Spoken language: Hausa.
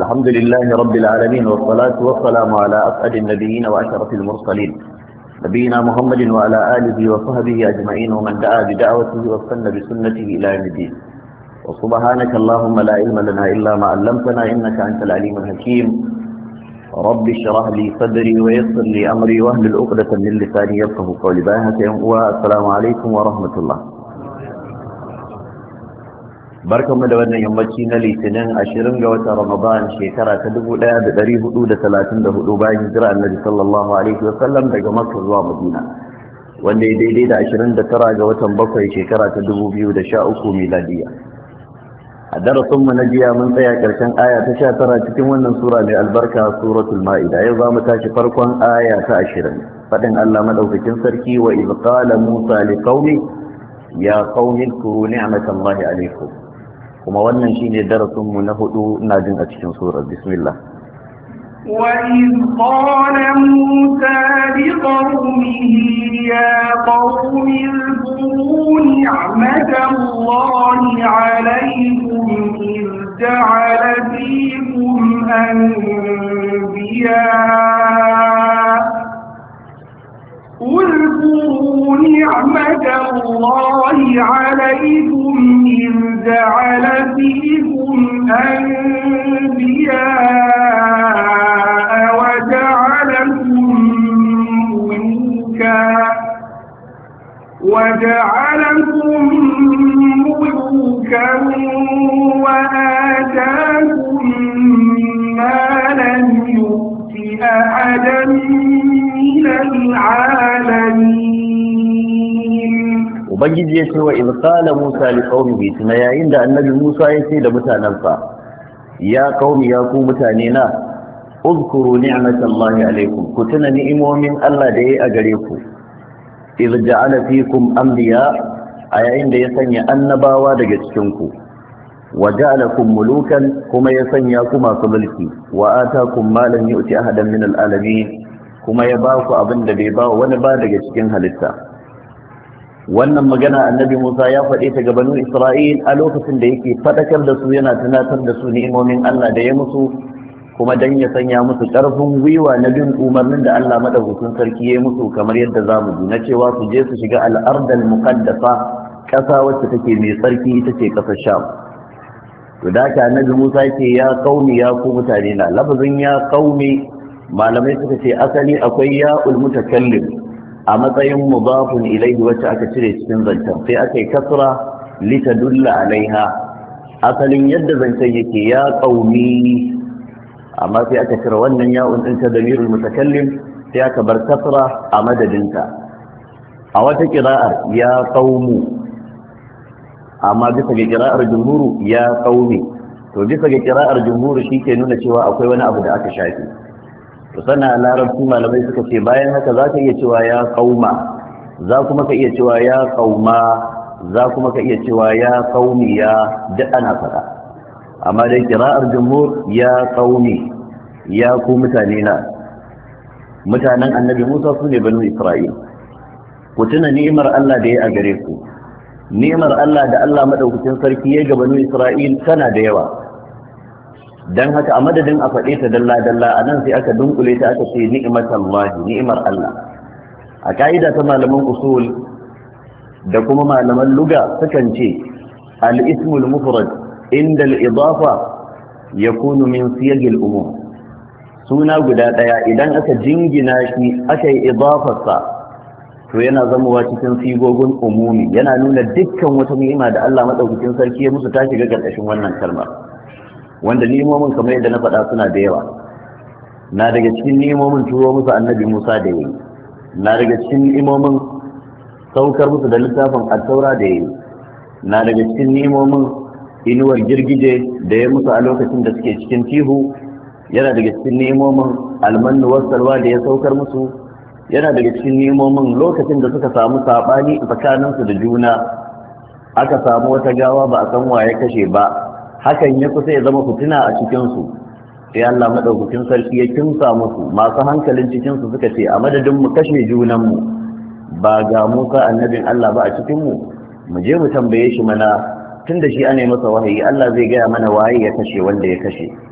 الحمد لله رب العالمين والصلاة والسلام على أسعد النبيين وأشرف المرسلين نبينا محمد وعلى آله وصحبه أجمعين ومن دعا بدعوته واستنى بسنته إلى يوم الدين وسبحانك اللهم لا علم لنا إلا ما علمتنا إنك أنت العليم الحكيم رب اشرح لي صدري ويسر لي أمري واهل الأقدة من لساني يفقه قولي باهة والسلام عليكم ورحمة الله barkanmu da wannan yammaci na litinin ashirin ga watan ramadan shekara ta dubu ɗaya da ɗari hudu da talatin da hudu bayan hijira annabi sallallahu alaihi wasallam daga makka zuwa madina wanda ya daidai da ashirin da tara ga watan bakwai shekara ta dubu biyu da sha uku miladiya a darasin mu na jiya mun tsaya ƙarshen aya ta sha tara cikin wannan sura mai albarka suratul ma'ida yau za mu tashi farkon aya ta ashirin faɗin allah maɗaukakin sarki wa iz qala musa li qaumi ya qaumi اذكروا نعمة الله عليكم kuma wannan shine darasin mu na hudu ina jin a cikin surar bismillah وَإِذْ قَالَ مُوسَى لِقَوْمِهِ يَا قَوْمِ اذْكُرُوا نِعْمَةَ اللَّهِ عَلَيْكُمْ إِذْ جَعَلَ فِيكُمْ أَنْبِيَاءَ نعمة الله عليكم إذ جعل فيكم أنبياء وجعلكم ملوكا وجعلكم ملوكا وآتاكم ما لم يؤت أحدا ubangiji ya ce wa ilkala musa li qaumihi tuna yayin da annabi musa ya ce da mutanensa ya qaumi ya ku mutane na uzkuru ni'matallahi alaikum ku tuna ni'imomin Allah da yayi a gare ku iz ja'ala fikum anbiya a yayin da ya sanya annabawa daga cikin ku wa mulukan kuma ya sanya ku masu mulki wa atakum ma lam yu'ti ahadan min al'alamin kuma ya ba ku abin da bai ba wani ba daga cikin halitta wannan magana annabi Musa ya faɗe ta ga banu Isra'il a lokacin da yake faɗakar da su yana tunatar da su ni'imomin Allah da ya musu kuma dan ya sanya musu ƙarfin gwiwa na bin umarnin da Allah madaukakin sarki ya musu kamar yadda za mu na cewa su je su shiga al'ardal muqaddasa ƙasa wacce take mai tsarki ita ce ƙasar Sham to da ka annabi Musa ce ya qaumi ya ku mutane na lafazin ya qaumi malamai suka ce asali akwai ya ul kallin. a matsayin mudafun ilaihi wacce aka cire cikin zancen sai aka yi kasra litadulla alaiha asalin yadda zancen yake ya qaumi amma sai aka cire wannan ya'un din ta damirul mutakallim sai aka bar kasra a madadinta a wata kira'ar ya qaumu amma bisa ga kira'ar jumhuru ya qaumi to bisa ga kira'ar jumhur shi ke nuna cewa akwai wani abu da aka shafi to sana larabci malamai suka ce bayan haka za ka iya cewa ya kauma za kuma ka iya cewa ya kauma za kuma ka iya cewa ya ya duk ana fada amma dai kira'ar jumhur ya kaumi ya ku mutane na mutanen annabi Musa su ne banu Isra'il ku tuna ni'imar Allah da ya a gare ku ni'imar Allah da Allah maɗaukacin sarki ya ga banu Isra'il tana da yawa dan haka a madadin a faɗe ta dalla dalla a nan sai aka dunkule ta aka ce ni'matallahi ni'imar Allah a ka'ida ta malaman usul da kuma malaman luga sukan ce al-ismul mufrad inda al-idafa yakunu min siyagil umum suna guda daya idan aka jingina shi aka yi idafarsa to yana zamowa cikin sigogon umumi yana nuna dukkan wata ni'ima da Allah madaukakin sarki ya musu ta shiga karkashin wannan kalmar wanda nimomin kamar yadda na faɗa suna da yawa na daga cikin nimomin turo musu annabi musa da yayi na daga cikin nimomin saukar musu da littafin attaura da yayi na daga cikin nimomin inuwar girgije da ya musu a lokacin da suke cikin tihu yana daga cikin nimomin almannu wasalwa da ya saukar musu yana daga cikin nimomin lokacin da suka samu saɓani tsakaninsu da juna aka samu wata gawa ba a san waye kashe ba hakan ya kusa ya zama fitina a cikinsu sai Allah madaukakin sarki ya kinsa musu masu hankalin cikinsu suka ce a madadin mu kashe junanmu ba ga Musa annabin Allah ba a cikinmu mu je mu tambaye shi mana tun da shi ana masa wahayi Allah zai gaya mana waye ya kashe wanda ya kashe